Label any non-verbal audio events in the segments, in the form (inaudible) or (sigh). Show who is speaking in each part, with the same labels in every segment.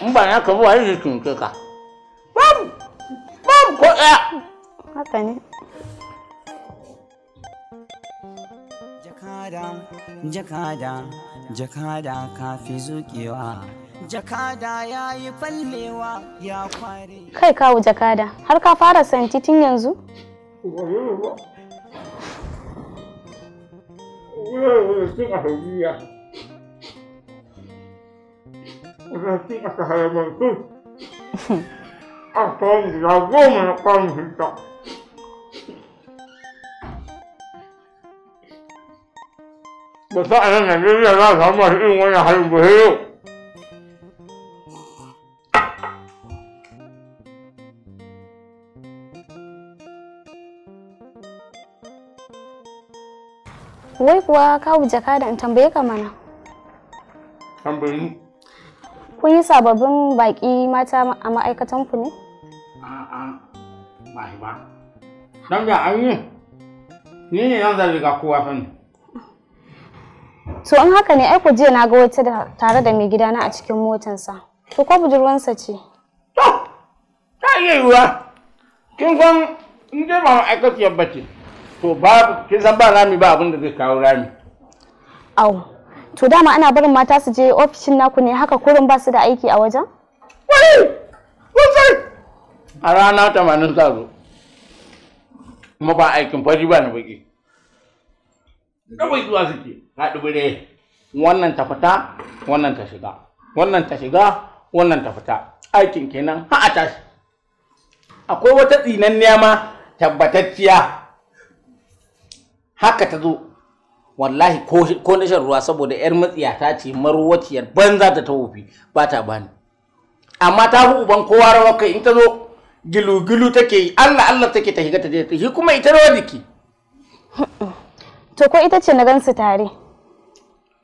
Speaker 1: in ba na kabu ka
Speaker 2: ko haka ne
Speaker 1: jakada jakada jakada ka fi jakada ya yi fallewa ya kware
Speaker 2: kai kawo jakada har ka fara santi tun yanzu
Speaker 1: Ba sa a nan Najeriya za a samu irin wani harin yau.
Speaker 2: Wai kuwa kawo jaka da in tambaye ka mana. Tambayi. Kun yi sababbin baƙi mata a ma'aikatan ku ne?
Speaker 1: A'a, ba shi ba. Don da an yi, ni ne zan riga kowa sani.
Speaker 2: To in haka ne ai ku jiya na ga wata da tare da mai gidana a cikin motansa. To ko budurwansa ce? To,
Speaker 1: ta iya yiwuwa. Kin san in je ba ma'aikaciyar bace. to babu kin san ba rami ba abin da zai kawo rami
Speaker 2: au to dama ana barin mata su je ofishin naku ne haka kurin ba su da aiki a wajen wai
Speaker 1: wai a rana tamanin ta zo kuma ba aikin fari ba na baki kawai zuwa suke ka dubure. wannan ta fita wannan ta shiga wannan ta shiga wannan ta fita aikin kenan ha a tashi akwai wata tsinanniya ma tabbatacciya haka ta zo wallahi ko na shan ruwa saboda yar matsiya ta ce marwaciyar banza ta wofi ba ta bani amma ta fi uban kowa rawa kai in ta zo gilu-gilu take yi allah allah take ta higa ta je ta shi kuma ita rawa jiki
Speaker 2: to ko ita ce na gansu tare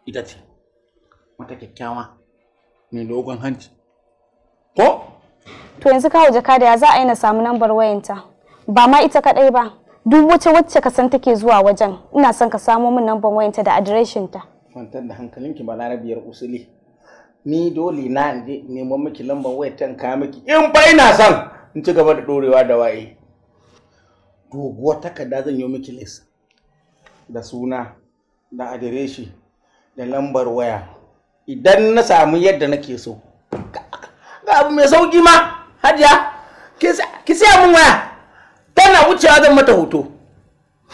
Speaker 1: ita ce mata kyakkyawa mai dogon hanci
Speaker 2: ko to yanzu kawo jaka da ya za a yi na samu lambar wayanta ba ma ita kadai ba duk wata wacce ka san take zuwa wajen ina son ka samo min namban wayanta da adireshin ta
Speaker 1: kwantar da hankalinki ba larabiyar usuli ni dole na je neman miki lambar wayar ta ka miki in fa ina son in ci gaba da dorewa da waye doguwar takarda zan yi miki list da suna da adireshi da lambar waya idan na samu yadda nake so ga abu mai sauki ma hajiya ki siya mun waya tana wucewa zan mata hoto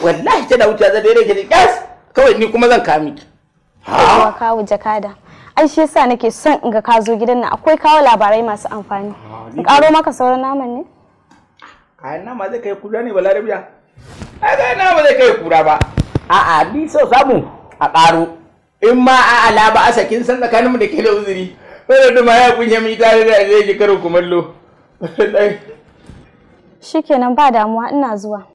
Speaker 1: wallahi tana wucewa zan daidai gidi gas kawai ni kuma zan kawo miki
Speaker 2: ha kawo jakada ai shi yasa nake son in ga ka zo gidan nan akwai kawo labarai masu amfani in karo maka sauran naman ne
Speaker 1: kayan nama zai kai kura ne balarabiya ai kayan nama zai kai kura ba a'a ni so samu a karo in ma a ala ba asa kin san tsakaninmu da ke da uzuri wadda duma ya kunye mai tare da zai ji karin kumallo (laughs)
Speaker 2: Shikenan ba damuwa ina zuwa.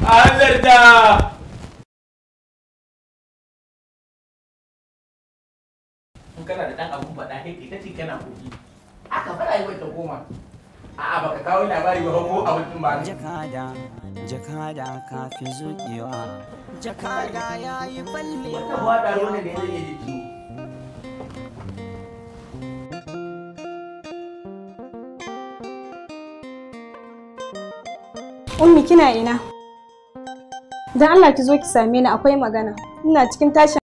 Speaker 2: Allah da kana da dan abun faɗa kai ita ce kana koki
Speaker 1: aka fara yi wata goma
Speaker 2: a'a baka kawo labari ba ko abincin ba jakada
Speaker 1: jakada ka fi zuƙewa jakada yayi balle wata wada da ya yi jiki
Speaker 2: Ummi kina ina? Dan Allah ki zo ki same ni akwai magana. Ina cikin tashi